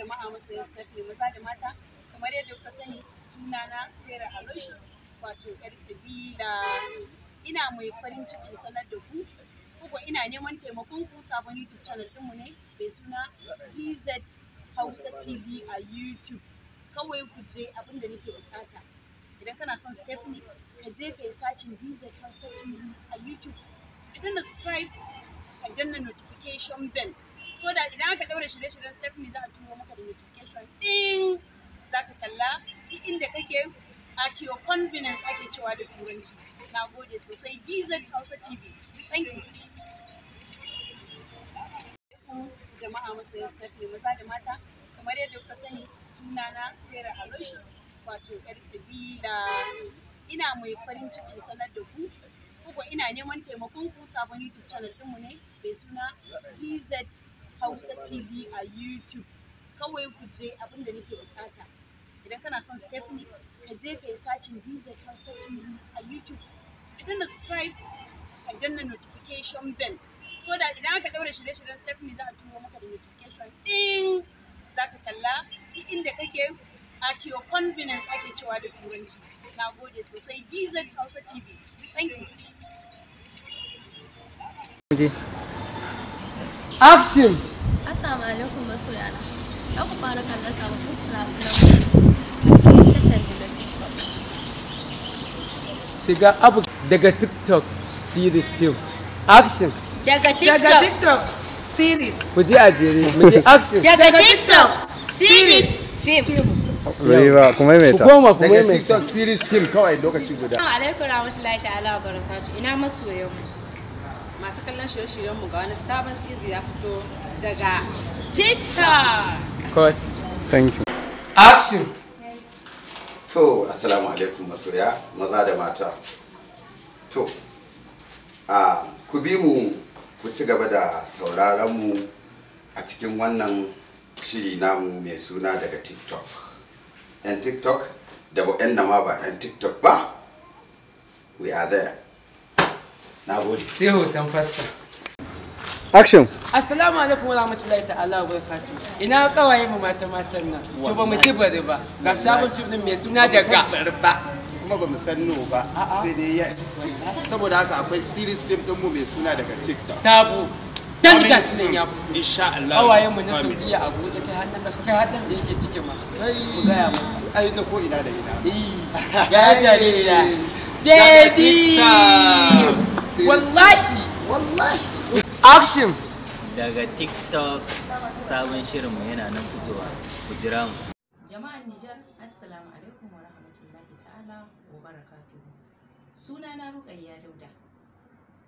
jama'a yin Stephanie maza da mata kamar yadda kuka sani sunana sera Aloysius wato yar kabila ina mai farin cikin sanar da ku kuma ina neman taimakon ku sabon YouTube channel mu ne mai suna DZ Hausa TV a YouTube kawai ku je abinda nake bukata idan kana son Stephanie ka je ka yi sacin DZ Hausa TV a YouTube ka danna subscribe ka danna notification bell so da idan aka daura shirye-shiryen Stephanie za a turo maka da notification din za ka kalla inda kake at your convenience ake cewa da turanci na gode sosai BZ Hausa TV thank you jama'a masoyan Stephanie maza da mata kamar yadda kuka sani suna na Sarah Aloysius wato yar kabila ina mai farin ciki sanar da ku kuma ina neman taimakon ku sabon YouTube channel ɗinmu ne mai suna DZ Hausa TV a YouTube. Kawai ku je abin da nake bukata. Idan kana son Stephanie, ka je ka yi sacin Hausa TV a YouTube. Ka danna subscribe, ka danna notification bell. So da idan aka daura shirye-shiryen Stephanie za a turo maka da notification ɗin za ka kalla inda kake at your convenience ake cewa da turanci. Na gode sosai Hausa TV. Thank you. Action! Assalamu alaikum masoyana. Za ku fara cikin tashar daga TikTok. Shiga daga TikTok series film. Action. Daga TikTok. Daga TikTok series. Ku action. Daga TikTok series film. Riva, ku maimaita. Ku koma ku Daga TikTok series film kawai lokaci guda. Assalamu alaikum ta'ala wa barakatuh. Ina masoyan mu. masu kallon shirye shiryen mu ga wani sabon sizi ya fito daga tiktok thank you action to assalamu alaikum masoya maza da mata to ah, ku bi mu ku ci gaba da sauraron mu a cikin wannan shiri namu mai suna daga tiktok yan tiktok da ba yan nama ba yan tiktok ba we are there na gode sai hoton fasta action assalamu alaikum wa rahmatullahi ta'ala wa barakatu ina kawaye mu mata matan nan to ba mu ji bari ba ga sabon fim mai suna daga ba kuma ba mu san no ba sai dai ya saboda haka akwai series film din mu mai suna daga tiktok sabu dan ga shi nan ya insha Allah kawaye mu na Saudiya Abuja kai hannun ka kai hannun da yake ciki ma kai mu ga ya masa ai ta ko ina da ina eh. ya jariri baby wallahi wallahi action daga tiktok sabon shirinmu yana nan fitowa ku jira mu jama'an nijar assalamu alaikum wa rahmatullahi ta'ala wa barakatuhu suna na ruƙayya dauda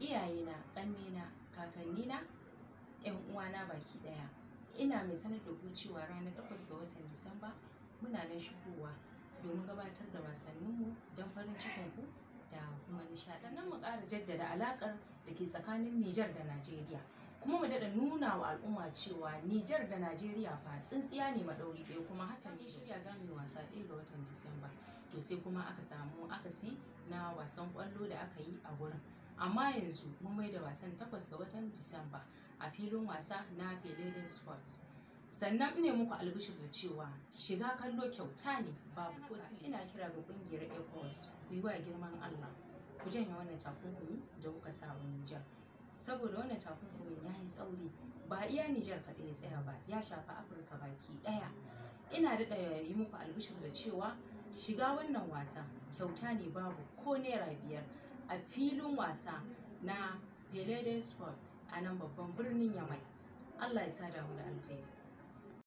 iyayena ƙannena kakannina yan uwana baki ɗaya ina mai sanar da ku cewa ranar 8 ga watan disamba muna nan shigowa domin gabatar da wasanninmu don farin cikinku da kuma nishadi. sannan mu ƙara jaddada alaƙar da ke tsakanin Nijar da Najeriya kuma mu daɗa nuna wa al'umma cewa Nijar da Najeriya fa tsintsiya ne maɗauri ɗaya kuma Hassan ya shirya za mu yi wasa ɗaya ga watan Disamba to sai kuma aka samu akasi na wasan ƙwallo da aka yi a wurin amma yanzu mun mai da wasan takwas ga watan Disamba a filin wasa na Pelede Sports. sannan ina muku albishir da cewa shiga kallo kyauta ne babu ko ina kira ga kungiyar ecowas ku yi wa girman allah ku janye wannan takunkumi da kuka sa wa nijar saboda wannan takunkumin ya yi tsauri ba iya nijar kaɗai ya tsaya ba ya shafa afirka baki ɗaya ina daɗa yi muku albishir da cewa shiga wannan wasa kyauta ne babu ko naira biyar a filin wasa na pelede sport a nan babban birnin yamai allah ya sa damu da alkhairi